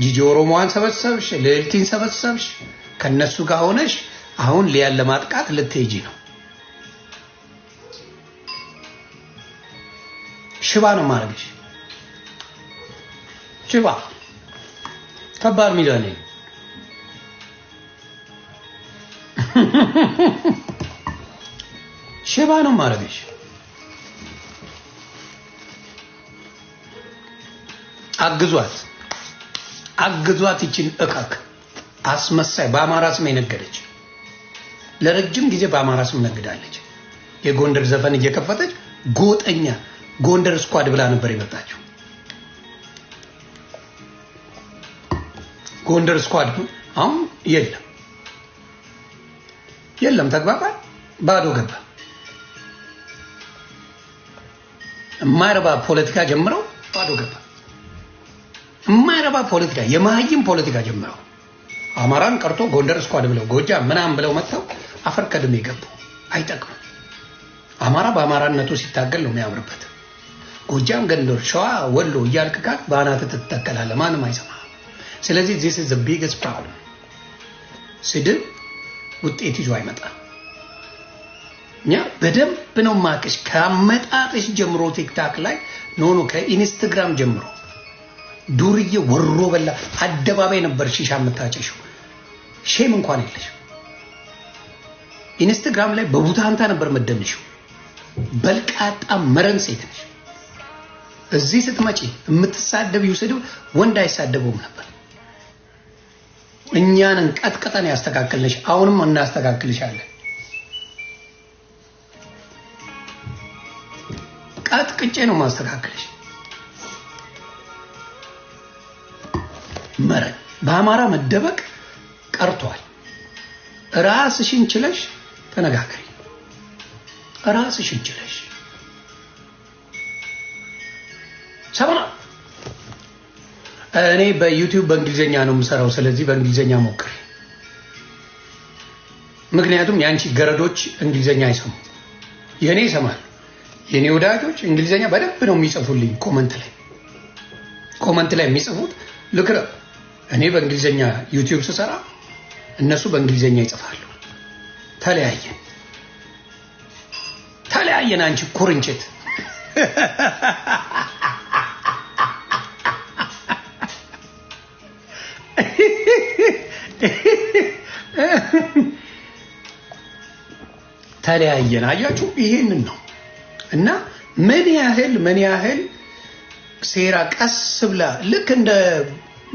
ጂጂ ኦሮሞዋን ሰበሰብሽ፣ ልዕልቲን ሰበሰብሽ፣ ከነሱ ጋር ሆነሽ አሁን ሊያን ለማጥቃት ልትሄጂ ነው። ሽባ ነው ማረግሽ። ሽባ ከባድ ሚሊዮን ሽባ ነው ማረግሽ። አግዟት። አግዟት ይችን እቀክ አስመሳይ በአማራ ስም የነገደች ለረጅም ጊዜ በአማራ ስም ነግዳለች። የጎንደር ዘፈን እየከፈተች ጎጠኛ ጎንደር ስኳድ ብላ ነበር የመጣችው። ጎንደር ስኳድ አሁን የለም የለም። ተግባባል። ባዶ ገባ። የማይረባ ፖለቲካ ጀምረው ባዶ ገባ። የማይረባ ፖለቲካ የመሀይም ፖለቲካ ጀመሩ። አማራን ቀርቶ ጎንደር እስኳድ ብለው ጎጃም ምናምን ብለው መጥተው አፈር ከድሜ ገቡ። አይጠቅም። አማራ በአማራነቱ ሲታገል ነው የሚያምርበት። ጎጃም፣ ገንደር፣ ሸዋ፣ ወሎ እያልክ ካል በአናት ትተከላለህ። ማንም አይሰማ። ስለዚህ ዚስ ኢዝ ቢግስ ፕሮብለም። ስድብ ውጤት ይዞ አይመጣም። እኛ በደንብ ነው ማቅሽ ከአመጣጥሽ ጀምሮ ቲክታክ ላይ ኖኖ ከኢንስትግራም ጀምሮ ዱርዬ ወሮ በላ አደባባይ ነበር ሺሻ የምታጨሽው። ሼም እንኳን የለሽ። ኢንስታግራም ላይ በቡታንታ ነበር መደምሽው። በልቃጣ መረን ሴት ነሽ። እዚህ ስትመጪ የምትሳደብ ይውሰደው ወንድ አይሳደበውም ነበር። እኛንን ቀጥቀጠን ያስተካክልንሽ። አሁንም እናስተካክልሻለን። ቀጥቅጬ ነው ማስተካክልሽ። ጀመረ። በአማራ መደበቅ ቀርቷል። ራስሽን ችለሽ ተነጋግሪ። ራስሽን ችለሽ ሰብራ። እኔ በዩቲዩብ በእንግሊዝኛ ነው የምሰራው፣ ስለዚህ በእንግሊዝኛ ሞክሪ። ምክንያቱም የአንቺ ገረዶች እንግሊዝኛ አይሰሙ፣ የእኔ ይሰማል። የእኔ ወዳጆች እንግሊዝኛ በደንብ ነው የሚጽፉልኝ። ኮመንት ላይ ኮመንት ላይ የሚጽፉት ልክ እኔ በእንግሊዝኛ ዩቲዩብ ስሰራ እነሱ በእንግሊዝኛ ይጽፋሉ። ተለያየን ተለያየን። አንቺ ኩርንችት ተለያየን። አያችሁ፣ ይሄንን ነው እና ምን ያህል ምን ያህል ሴራ ቀስ ብላ ልክ እንደ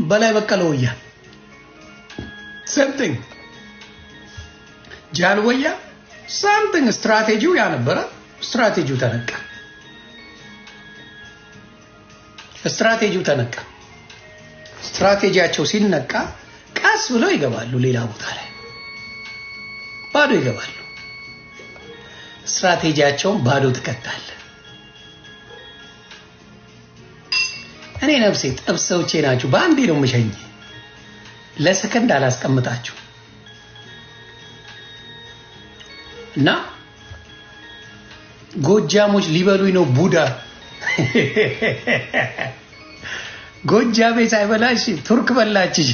በላይ በቀለ ወያ ሰምቲንግ ጃን ወያ ሳምቲንግ ስትራቴጂው ያነበረ ስትራቴጂው ተነቃ። ስትራቴጂው ተነቃ። ስትራቴጂያቸው ሲነቃ ቀስ ብለው ይገባሉ፣ ሌላ ቦታ ላይ ባዶ ይገባሉ። ስትራቴጂያቸውን ባዶ ትከታለ። እኔ ነፍሴ ጥብስ ሰዎቼ ናችሁ። በአንዴ ነው የምሸኝ። ለሰከንድ አላስቀምጣችሁ እና ጎጃሞች ሊበሉኝ ነው ቡዳ ጎጃሜ ሳይበላሽ ቱርክ በላች።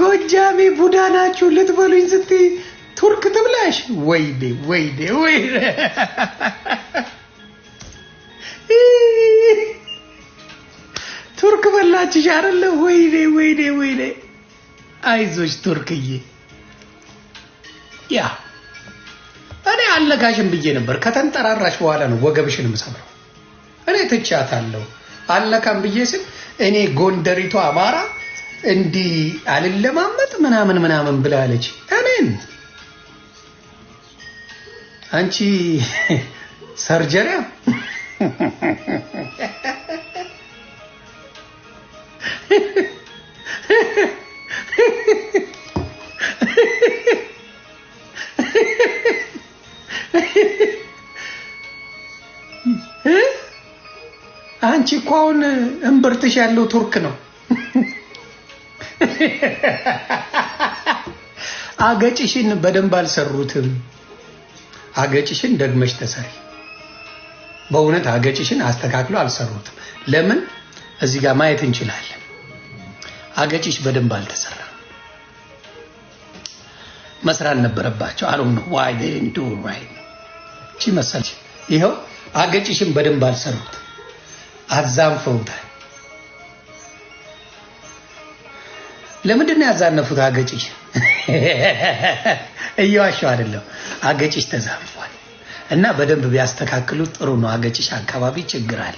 ጎጃሜ ቡዳ ናችሁ ልትበሉኝ ስትይ ቱርክ ትብላሽ ወይዴ ወይዴ ወይ ቱርክ በላችሽ አይደለ? ወይኔ ወይኔ ወይኔ። አይዞች ቱርክዬ፣ ያ እኔ አለካሽን ብዬ ነበር። ከተንጠራራሽ በኋላ ነው ወገብሽን የምሰብረው። እኔ ትቻታለሁ። አለካም ብዬ ስል እኔ ጎንደሪቷ አማራ እንዲህ አልለማመጥ ምናምን ምናምን ብላለች እኔን አንቺ ሰርጀሪያ አንቺ እኮ አሁን እምብርትሽ ያለው ቱርክ ነው። አገጭሽን በደንብ አልሰሩትም። አገጭሽን ደግመሽ ተሰሪ። በእውነት አገጭሽን አስተካክሎ አልሰሩትም። ለምን እዚህ ጋር ማየት እንችላለን። አገጭሽ በደንብ አልተሰራ መስራት ነበረባቸው። አሉ ነው ዋይ ዱ ራይ ቺ መሰለች። ይኸው አገጭሽን በደንብ አልሰሩት፣ አዛንፈውታል። ለምንድን ነው ያዛነፉት አገጭሽ? እየዋሸሁ አይደለም። አገጭሽ ተዛንፏል እና በደንብ ቢያስተካክሉ ጥሩ ነው። አገጭሽ አካባቢ ችግር አለ።